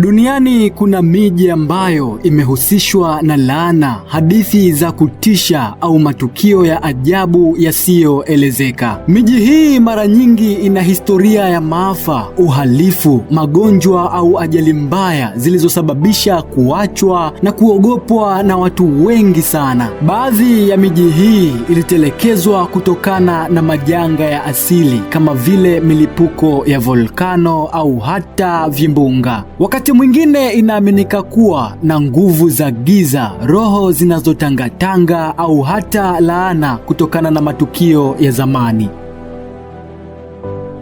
Duniani kuna miji ambayo imehusishwa na laana, hadithi za kutisha au matukio ya ajabu yasiyoelezeka. Miji hii mara nyingi ina historia ya maafa, uhalifu, magonjwa au ajali mbaya zilizosababisha kuachwa na kuogopwa na watu wengi sana. Baadhi ya miji hii ilitelekezwa kutokana na majanga ya asili kama vile milipuko ya volkano au hata vimbunga. Wakati Wakati mwingine inaaminika kuwa na nguvu za giza, roho zinazotangatanga au hata laana kutokana na matukio ya zamani.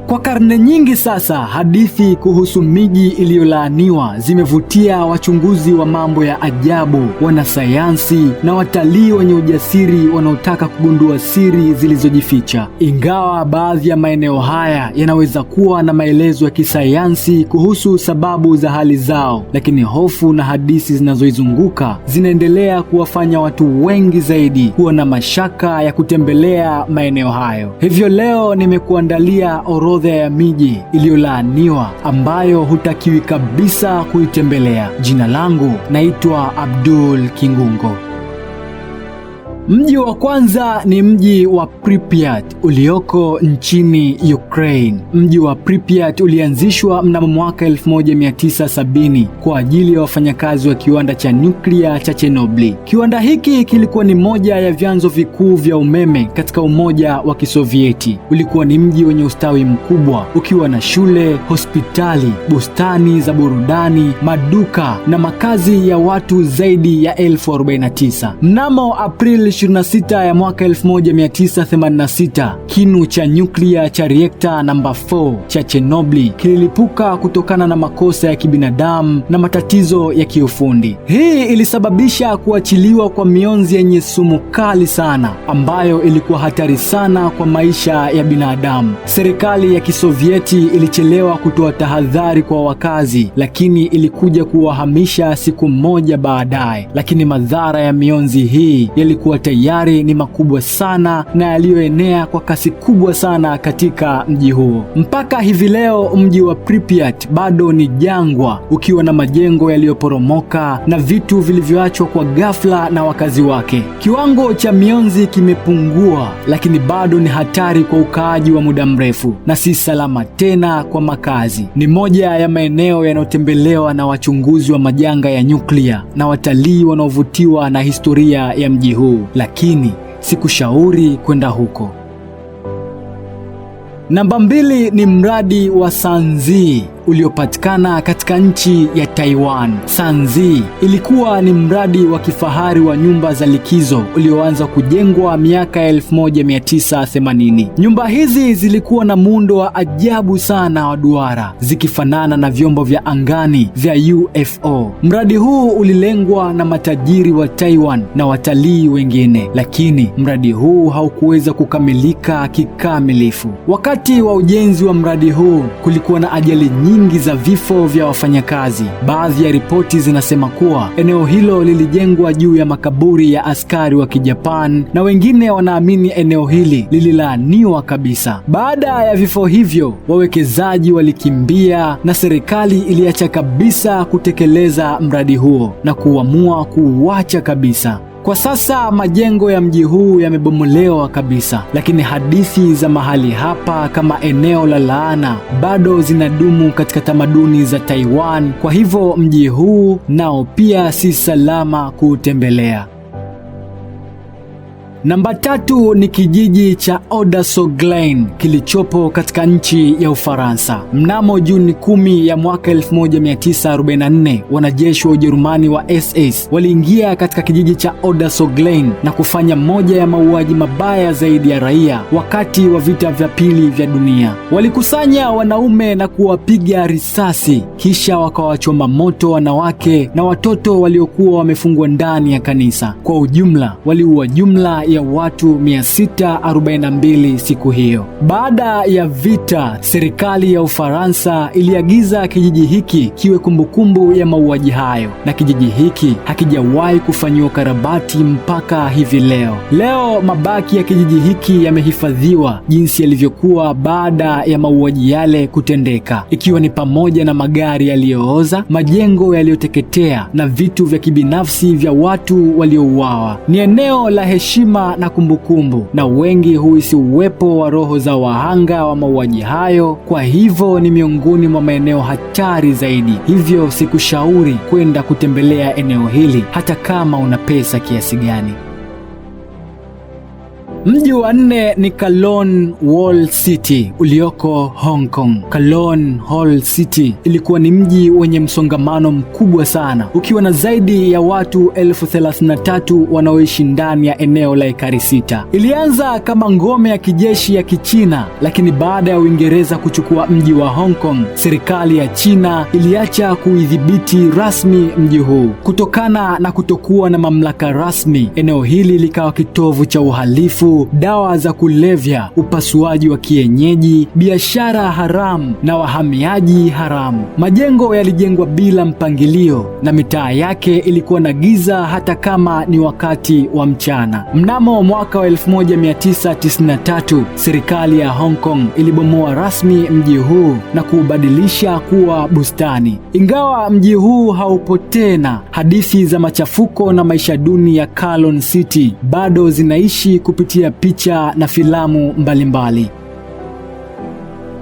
Kwa karne nyingi sasa, hadithi kuhusu miji iliyolaaniwa zimevutia wachunguzi wa mambo ya ajabu, wanasayansi na watalii wenye ujasiri wanaotaka kugundua siri zilizojificha. Ingawa baadhi ya maeneo haya yanaweza kuwa na maelezo ya kisayansi kuhusu sababu za hali zao, lakini hofu na hadithi zinazoizunguka zinaendelea kuwafanya watu wengi zaidi kuwa na mashaka ya kutembelea maeneo hayo. Hivyo leo nimekuandalia orodha orodha ya miji iliyolaaniwa ambayo hutakiwi kabisa kuitembelea. Jina langu naitwa Abdul Kingungo. Mji wa kwanza ni mji wa Pripyat ulioko nchini Ukraine. Mji wa Pripyat ulianzishwa mnamo mwaka 1970 kwa ajili ya wafanyakazi wa kiwanda cha nyuklia cha Chernobyl. Kiwanda hiki kilikuwa ni moja ya vyanzo vikuu vya umeme katika Umoja wa Kisovieti. Ulikuwa ni mji wenye ustawi mkubwa ukiwa na shule, hospitali, bustani za burudani, maduka na makazi ya watu zaidi ya elfu 49. Mnamo Aprili 26 ya mwaka 1986, kinu cha nyuklia cha reakta namba 4 cha Chernobyl kililipuka kutokana na makosa ya kibinadamu na matatizo ya kiufundi. Hii ilisababisha kuachiliwa kwa mionzi yenye sumu kali sana ambayo ilikuwa hatari sana kwa maisha ya binadamu. Serikali ya Kisovieti ilichelewa kutoa tahadhari kwa wakazi, lakini ilikuja kuwahamisha siku moja baadaye, lakini madhara ya mionzi hii yalikuwa tayari ni makubwa sana na yaliyoenea kwa kasi kubwa sana katika mji huo. Mpaka hivi leo mji wa Pripyat bado ni jangwa, ukiwa na majengo yaliyoporomoka na vitu vilivyoachwa kwa ghafla na wakazi wake. Kiwango cha mionzi kimepungua, lakini bado ni hatari kwa ukaaji wa muda mrefu na si salama tena kwa makazi. Ni moja ya maeneo yanayotembelewa na wachunguzi wa majanga ya nyuklia na watalii wanaovutiwa na historia ya mji huu lakini sikushauri kwenda huko. Namba mbili ni mradi wa Sanzii uliopatikana katika nchi ya Taiwan. Sanzi ilikuwa ni mradi wa kifahari wa nyumba za likizo ulioanza kujengwa miaka 1980. Nyumba hizi zilikuwa na muundo wa ajabu sana wa duara, zikifanana na vyombo vya angani vya UFO. Mradi huu ulilengwa na matajiri wa Taiwan na watalii wengine, lakini mradi huu haukuweza kukamilika kikamilifu. Wakati wa ujenzi wa mradi huu kulikuwa na ajali nyingi nyingi za vifo vya wafanyakazi. Baadhi ya ripoti zinasema kuwa eneo hilo lilijengwa juu ya makaburi ya askari wa kijapan na wengine wanaamini eneo hili lililaaniwa kabisa. Baada ya vifo hivyo, wawekezaji walikimbia na serikali iliacha kabisa kutekeleza mradi huo na kuamua kuuacha kabisa. Kwa sasa majengo ya mji huu yamebomolewa kabisa, lakini hadithi za mahali hapa kama eneo la laana bado zinadumu katika tamaduni za Taiwan. Kwa hivyo mji huu nao pia si salama kuutembelea. Namba tatu ni kijiji cha odaso Glen kilichopo katika nchi ya Ufaransa. Mnamo Juni kumi ya mwaka 1944 wanajeshi wa Ujerumani wa SS waliingia katika kijiji cha odaso Glen na kufanya moja ya mauaji mabaya zaidi ya raia wakati wa vita vya pili vya dunia. Walikusanya wanaume na kuwapiga risasi, kisha wakawachoma moto wanawake na watoto waliokuwa wamefungwa ndani ya kanisa. Kwa ujumla, waliua jumla ya ya watu 642 siku hiyo. Baada ya vita, serikali ya Ufaransa iliagiza kijiji hiki kiwe kumbukumbu ya mauaji hayo, na kijiji hiki hakijawahi kufanyiwa ukarabati mpaka hivi leo. Leo mabaki ya kijiji hiki yamehifadhiwa jinsi yalivyokuwa baada ya mauaji yale kutendeka, ikiwa ni pamoja na magari yaliyooza, majengo yaliyoteketea na vitu vya kibinafsi vya watu waliouawa. Ni eneo la heshima heshima na kumbukumbu, na wengi huhisi uwepo wa roho za wahanga wa mauaji hayo. Kwa hivyo ni miongoni mwa maeneo hatari zaidi, hivyo sikushauri kwenda kutembelea eneo hili hata kama una pesa kiasi gani. Mji wa nne ni Kowloon Wall City ulioko Hong Kong. Kowloon Hall City ilikuwa ni mji wenye msongamano mkubwa sana, ukiwa na zaidi ya watu elfu thelathini na tatu wanaoishi ndani ya eneo la ekari sita. Ilianza kama ngome ya kijeshi ya Kichina, lakini baada ya Uingereza kuchukua mji wa Hong Kong, serikali ya China iliacha kuidhibiti rasmi mji huu. Kutokana na kutokuwa na mamlaka rasmi, eneo hili likawa kitovu cha uhalifu dawa za kulevya, upasuaji wa kienyeji, biashara haramu na wahamiaji haramu. Majengo yalijengwa bila mpangilio na mitaa yake ilikuwa na giza hata kama ni wakati wa mchana. Mnamo mwaka wa 1993 serikali ya Hong Kong ilibomoa rasmi mji huu na kuubadilisha kuwa bustani. Ingawa mji huu haupo tena, hadithi za machafuko na maisha duni ya Kowloon City bado zinaishi kupitia kupitia picha na filamu mbalimbali mbali.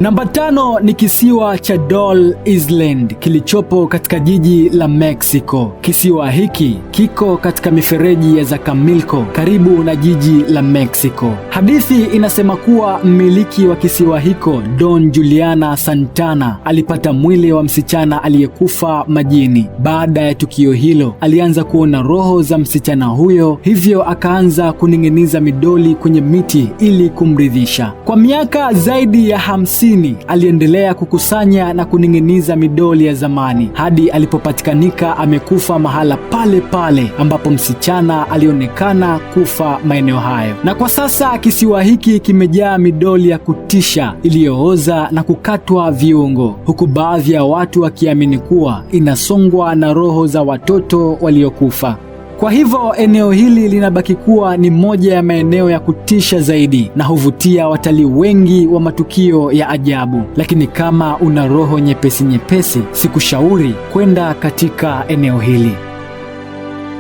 Namba tano ni kisiwa cha Doll Island kilichopo katika jiji la Mexico. Kisiwa hiki kiko katika mifereji ya Zacamilco karibu na jiji la Mexico. Hadithi inasema kuwa mmiliki wa kisiwa hiko Don Juliana Santana alipata mwili wa msichana aliyekufa majini. Baada ya tukio hilo, alianza kuona roho za msichana huyo, hivyo akaanza kuning'iniza midoli kwenye miti ili kumridhisha. Kwa miaka zaidi ya hamsini sitini aliendelea kukusanya na kuning'iniza midoli ya zamani hadi alipopatikanika amekufa mahala pale pale ambapo msichana alionekana kufa maeneo hayo. Na kwa sasa kisiwa hiki kimejaa midoli ya kutisha iliyooza na kukatwa viungo, huku baadhi ya watu wakiamini kuwa inasongwa na roho za watoto waliokufa. Kwa hivyo eneo hili linabaki kuwa ni moja ya maeneo ya kutisha zaidi na huvutia watalii wengi wa matukio ya ajabu. Lakini kama una roho nyepesi nyepesi, sikushauri kwenda katika eneo hili.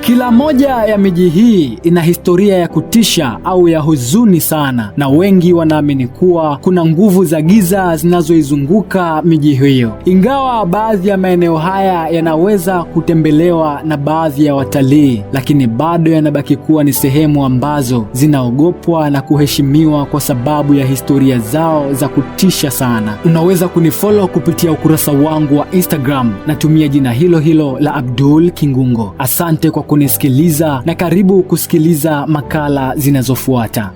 Kila moja ya miji hii ina historia ya kutisha au ya huzuni sana, na wengi wanaamini kuwa kuna nguvu za giza zinazoizunguka miji hiyo. Ingawa baadhi ya maeneo haya yanaweza kutembelewa na baadhi ya watalii, lakini bado yanabaki kuwa ni sehemu ambazo zinaogopwa na kuheshimiwa kwa sababu ya historia zao za kutisha sana. Unaweza kunifollow kupitia ukurasa wangu wa Instagram, natumia jina hilo hilo la Abdul Kingungo. Asante kwa kunisikiliza na karibu kusikiliza makala zinazofuata.